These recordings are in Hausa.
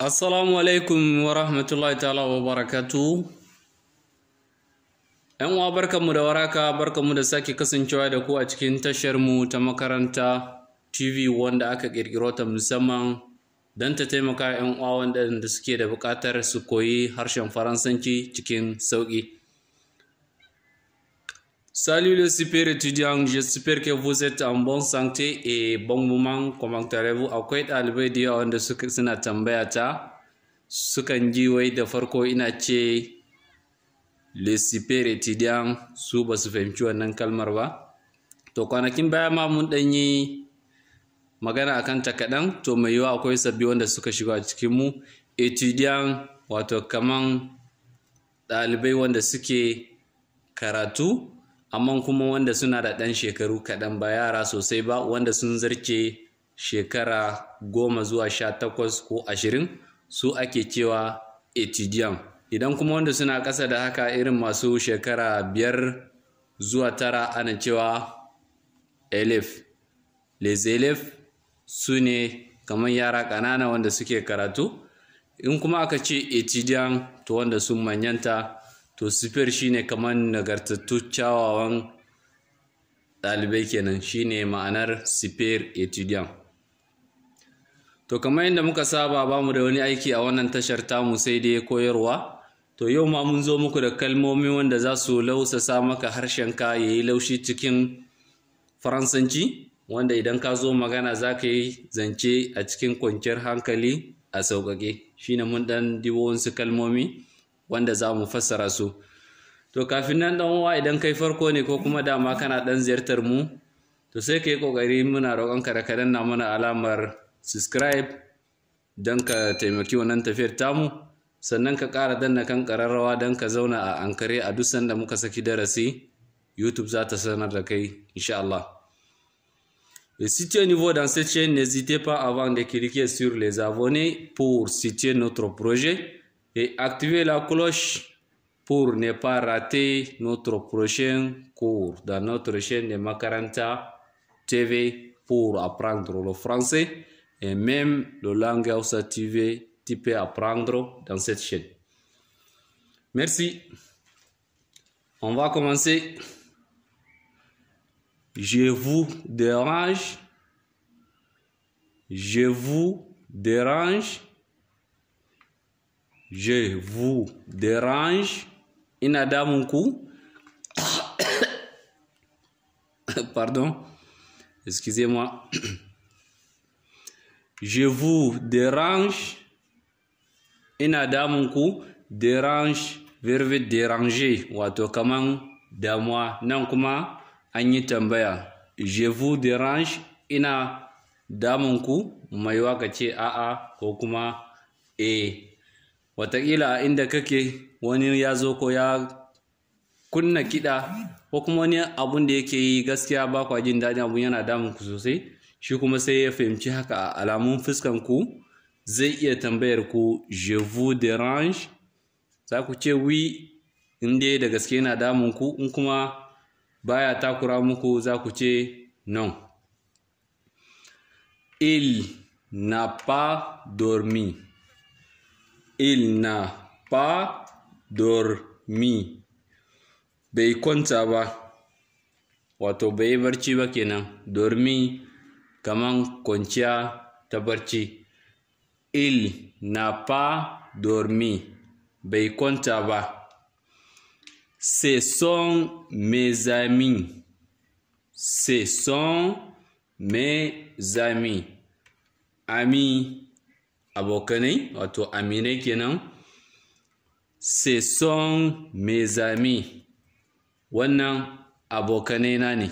Assalamu alaikum wa rahmatullahi ta'ala wa barakatu. ‘Yan uwa barkanmu da waraka barkanmu da sake kasancewa da ku a cikin tashar mu ta makaranta TV wanda aka ƙirƙiro ta musamman don ta taimaka ‘yan uwa wanda suke da buƙatar su koyi harshen Faransanci cikin sauƙi. Salut les super étudiants, j'espère que vous êtes en bonne santé et bon moment. Comment allez-vous? Akwai ɗalibai da yawa wanda suka tambayata tambaya ta sukan ji wai da farko ina ce les super étudiants su basu su fahimci wannan kalmar ba. To kwanakin baya ma mun ɗan yi magana akan ta to mai yiwuwa akwai sabbi wanda suka shiga cikin mu étudiants wato kaman ɗalibai wanda suke karatu amma kuma wanda suna da ɗan shekaru kaɗan ba yara sosai ba wanda sun zarce shekara goma zuwa sha takwas ko ashirin su ake cewa etidiam idan kuma wanda suna ƙasa da haka irin masu shekara biyar zuwa tara ana cewa elef les elef su ne kamar yara ƙanana wanda suke karatu in kuma aka ce etidiam to wanda sun manyanta to sifir ne kamar nagartattu kyawawan ɗalibai kenan shine ma'anar sifir etudiant to kamar yadda muka saba ba mu da wani aiki a wannan tashar tamu sai dai koyarwa to yau ma mun zo muku da kalmomi wanda za su lausasa maka harshenka ya yi laushi cikin faransanci wanda idan ka zo magana za ka yi zance a cikin kwanciyar hankali a sauƙaƙe shine mun ɗan dibo kalmomi wanda za mu fassara su to kafin nan dan uwa idan kai farko ne ko kuma dama kana ɗan ziyartar mu to sai ka yi ƙoƙari muna roƙon ka da ka danna mana alamar subscribe don ka taimaki wannan tafiyar tamu sannan ka ƙara danna kan ƙararrawa don ka zauna a ankare a duk sanda muka saki darasi youtube za ta sanar da kai insha Allah Situez niveau dans cette chaîne, n'hésitez pas avant de cliquer sur les abonnés pour situer notre projet. et activer la cloche pour ne pas rater notre prochain cours dans notre chaîne de Makaranta TV pour apprendre le français et même le langage TV tu peux apprendre dans cette chaîne. Merci. On va commencer. Je vous dérange. Je vous dérange je vous dérange ina pardon excusez-moi je vous dérange ina dérange verbe déranger wato kaman damuwa nan kuma comment? tambaya je vous dérange ina damun mai waka a'a ko kuma eh, watakila a inda kake wani ya zo ko ya kunna kiɗa ko kuma wani abun da yake yi gaskiya ba kwa jin daɗin abun yana damun ku sosai shi kuma sai ya fahimci haka a alamun fuskan ku zai iya tambayar ku je vous dérange za ku ce wi in da gaske yana damun ku in kuma baya takura muku za ku ce non il n'a pas dormi Il n'a pas dormi. Bai kwanta ba, wato bai barci ba kenan, dormi kaman kwanciya ta barci. Il n'a pas dormi. Bai kwanta ba. Ce sont mes amis. Ce mes amis. Amis. abokanai wato aminai kenan se son mezami wannan abokanai na ne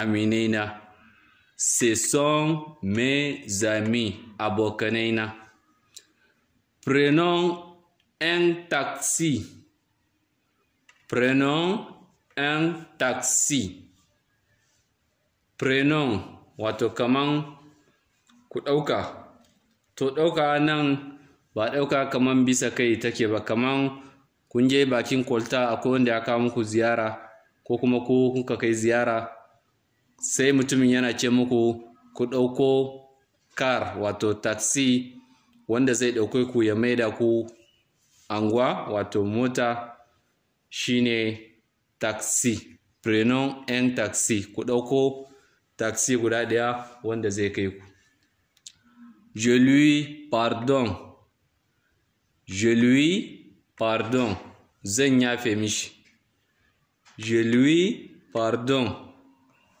aminai na se son mezami abokanai na prenon en taxi prenon en taxi prenon wato kaman ku ɗauka to ɗauka nan ba ɗauka kaman bisa kai take ba kaman kun je bakin kwalta akwai wanda ya kawo muku ziyara ko kuma ko kuka kai ziyara sai mutumin yana ce muku ku ɗauko kar wato taxi wanda zai ɗauke ku ya maida ku angwa wato mota shine taxi prenon 'yan taxi ku ɗauko taxi guda ɗaya wanda zai kai ku Je lui pardon. Je lui pardon. Zan yafe mishi. Je lui pardon.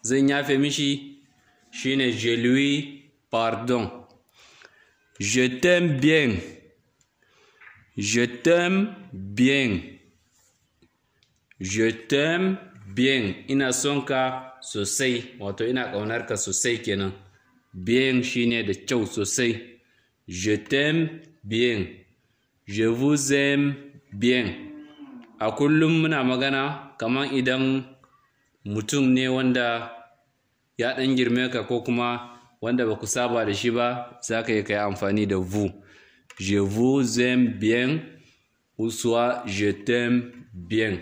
Zan yafe mishi shine je lui pardon. Je t'aime bien. Je t'aime bien. Je t'aime bien. Ina son ka sosai, wato ina ƙaunar ka sosai kenan. Bien shine da kyau sosai. Je t'aime bien. Je vous aime bien. A kullum muna magana kamar idan mutum ne wanda ya ɗan girme ka ko kuma wanda ba ku saba da shi ba za ka yi kai amfani da vous. Je vous aime bien ou soit je t'aime bien.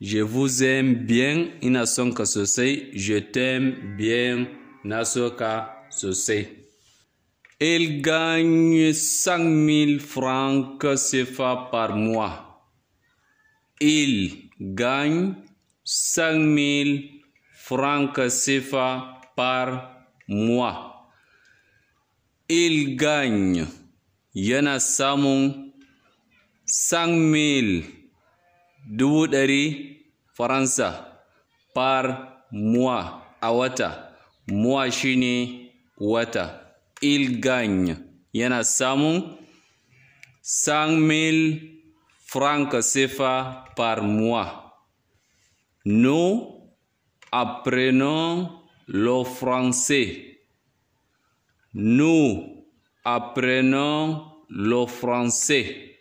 Je vous aime bien ina son je t'aime bien na ce Il gagne 5000 francs CFA par mois. Il gagne 5 000 francs CFA par mois. Il gagne yana 000 5000 dubu ɗari par mois a wata shine wata il gagne yana samu 5000 francs CFA par mois. Nous apprenons le français. Nous apprenons le français.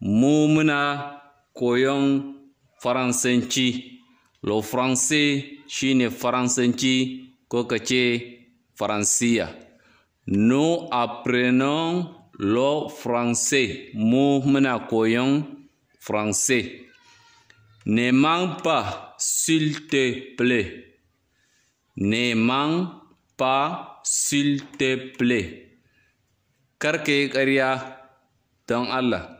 Mumna koyon faransenchi Le français chine faransenchi ko que Nous apprenons le français. Mu muna koyon français. Ne manque pas, s'il te plaît. Ne manque pas, s'il te plaît. Kar ka yi Allah.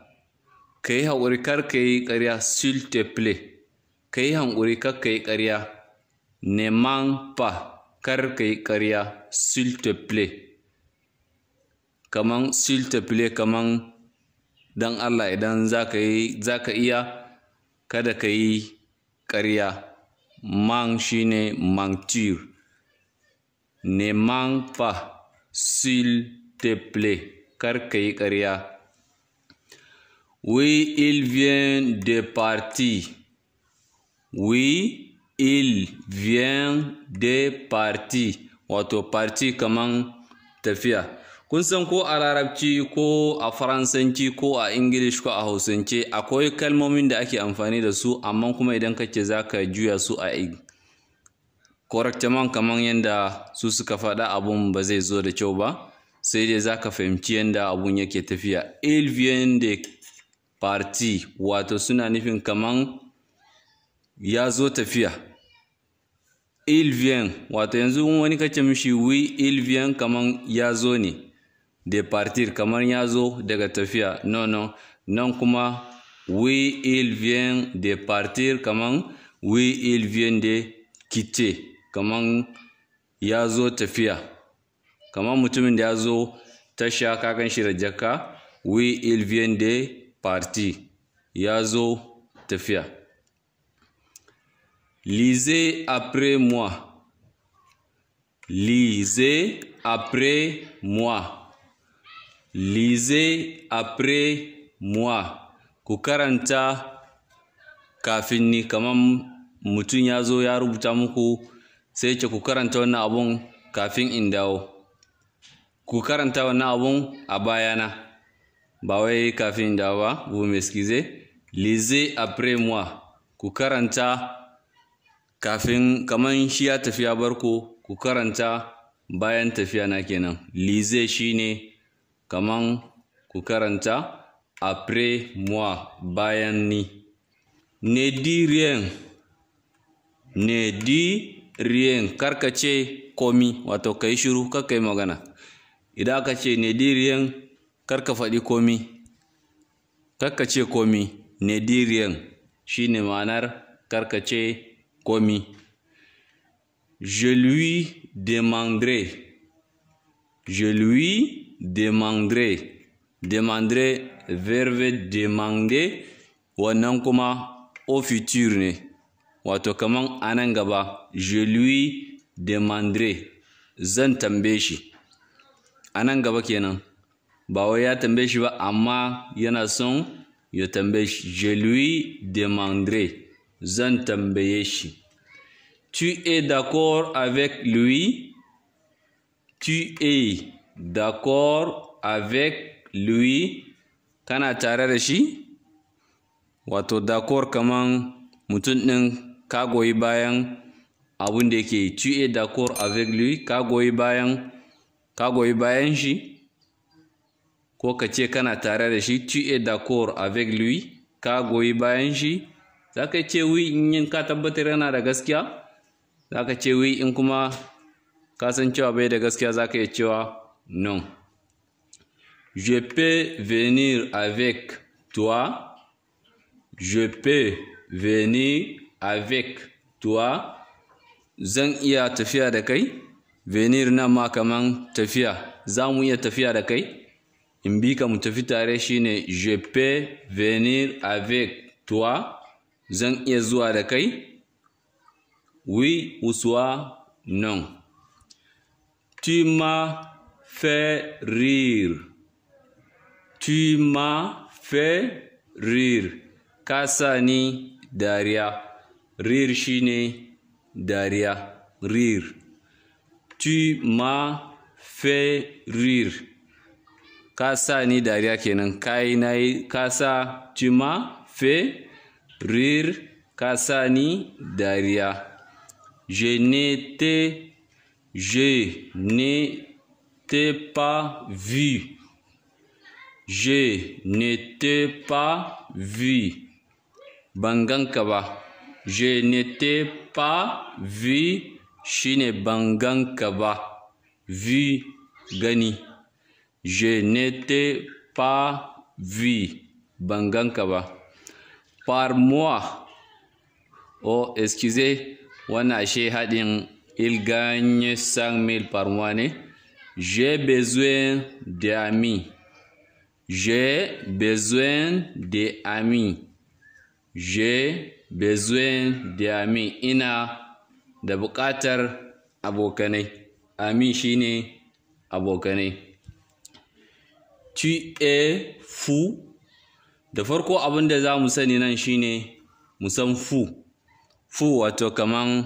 ka yi haƙuri kar ka yi ƙarya s'il te ple ka yi haƙuri kar ka yi ƙarya neman pa kar ka yi ƙarya s'il te ple kaman s'il te ple kaman dan Allah idan za ka yi za ka iya kada ka yi ƙarya man shine mentir neman pa s'il te ple kar ka yi ƙarya Oui, il vient de partir. Oui, il vient de partir. Wato parti kaman tafiya. Kun san ko a larabci ko a faransanci ko a ingilish ko a hausance akwai kalmomin da ake amfani da su amma kuma idan kake za ka juya su a correctement kaman yadda su suka faɗa abun ba zai zo da kyau ba sai dai za ka fahimci yadda abun yake tafiya. Il vient de parti wato suna nufin kaman ya zo tafiya il vient wato yanzu wani kake mishi wi il vient kaman ya zo ne de partir kamar ya zo daga tafiya no no nan kuma wi il vient de partir kaman wi il vient de quitter kaman ya zo tafiya kaman mutumin da ya zo tasha kakan shi da jaka wi il vient de parti ya zo tafiya Lise après moi Lise après moi Lise après moi ku karanta kafin ni kamar mutum ya zo ya rubuta muku sai ce ku karanta wannan abun kafin in dawo ku karanta wannan abun a bayana bawai kafin da ba vous m'excusez lisez après moi ku karanta kafin kaman shi ya tafiya barko ku karanta bayan tafiya na kenan lize shine kaman ku karanta après moi bayan ni ne di rien ne di rien karkace komi wato kai shiru kakai magana idan aka ce ne di kar ka komi kar komi shine ma'anar komi je lui demanderai je lui demanderai demanderai verbe demander wannan kuma au futur ne wato kaman je lui demanderai zan tambaye ba wai ya tambaye shi ba amma yana son ya tambaye shi je lui demandre zan tambaye shi tu es d'accord avec lui tu es d'accord avec lui kana tare da shi wato d'accord kaman mutum ɗin ka goyi bayan abun da yake tu es d'accord avec lui ka goyi bayan ka goyi bayan shi ko ka ce kana tare da shi tu es d'accord avec lui ka goyi bayan shi za ka ce wi in yin ka tabbatar yana da gaskiya za ka ce wi in kuma ka san cewa bai da gaskiya za ka iya cewa non je peux venir avec toi je peux venir avec toi zan iya tafiya da kai venir na ma kaman tafiya za mu iya tafiya da kai in bi ka mu tafi tare shine je peux venir avec toi zan iya zuwa da kai oui ou soit non tu m'as fait rire tu m'as fait rire ka sa ni dariya rire shine dariya rire tu m'as fait rire Kasa ni dariya kenan Kaina yi na tu ma fait ni dariya je n'étais je n'étais pas vu je n'étais pas vu Bangankaba. kaba, je n'étais pas vu chine bangang kaba, vu gani je n'étais pas vu Bangankaba. Par moi, oh, excusez, il gagne 5 000 par mois. J'ai besoin d'amis. J'ai besoin d'amis. J'ai besoin d'amis. Ina da buƙatar abokanai. Ami shine abokanai. tu fu. da farko abin da za mu sani nan shine mu san fu fu wato kaman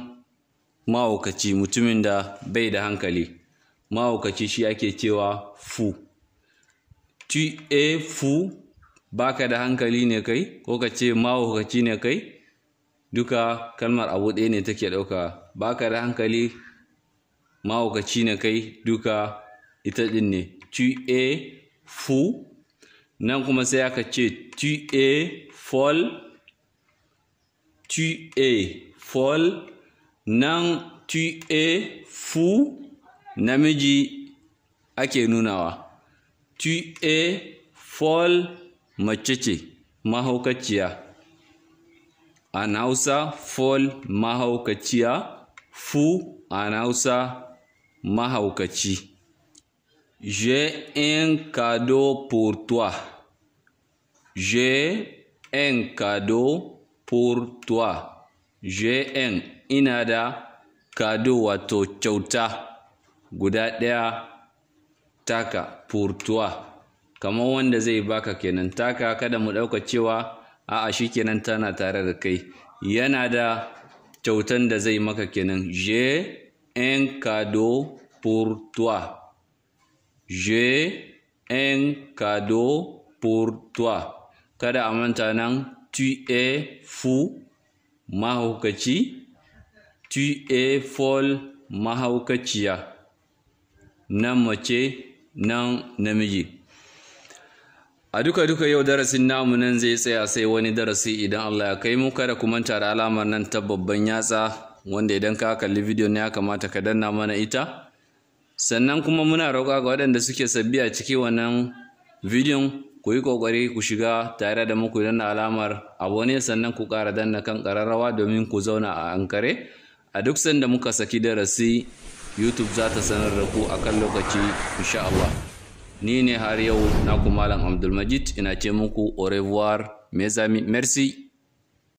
mahaukaci mutumin da bai da hankali mahaukaci shi ake cewa fu tu e fu baka da hankali ne kai ko ka ce mawukaci ne kai duka kalmar abu ɗaya ne take ɗauka baka da hankali mahaukaci ne kai duka ita ɗin ne tu e fu nan kuma sai aka ce tu e fall tu e fall nan tu e fu namiji ake nunawa tu es fall mace ce mahaukaciya an hausa fall mahaukaciya fu an hausa mahaukaci J'ai un cadeau pour toi. J'ai un cadeau pour toi. J'ai un ina da cadeau wato kyauta guda ɗaya taka pour toi. Kamar wanda zai baka kenan taka kada mu ɗauka cewa a'a shi kenan tana tare da kai. Yana da kyautan da zai maka kenan. J'ai un cadeau pour toi. J'ai un cadeau pour toi. Kada a manta nan tu es fou mahaukaci, tu es folle mahaukaciya. Nan mace nan namiji. A duka-duka yau darasin namu nan zai tsaya sai wani darasi idan Allah ya kai mu kada ku manta da alamar nan ta babban yatsa wanda idan ka kalli bidiyon ya kamata ka danna mana ita. sannan kuma muna roƙa ga waɗanda suke sabbi a ciki wannan bidiyon ku yi ƙoƙari ku shiga tare da muku idan alamar abone sannan ku ƙara danna kan ƙararrawa domin ku zauna a ankare a duk sanda muka saki darasi youtube za ta sanar da ku akan lokaci insha Allah ni ne har yau naku malam abdulmajid ina ce muku au revoir merci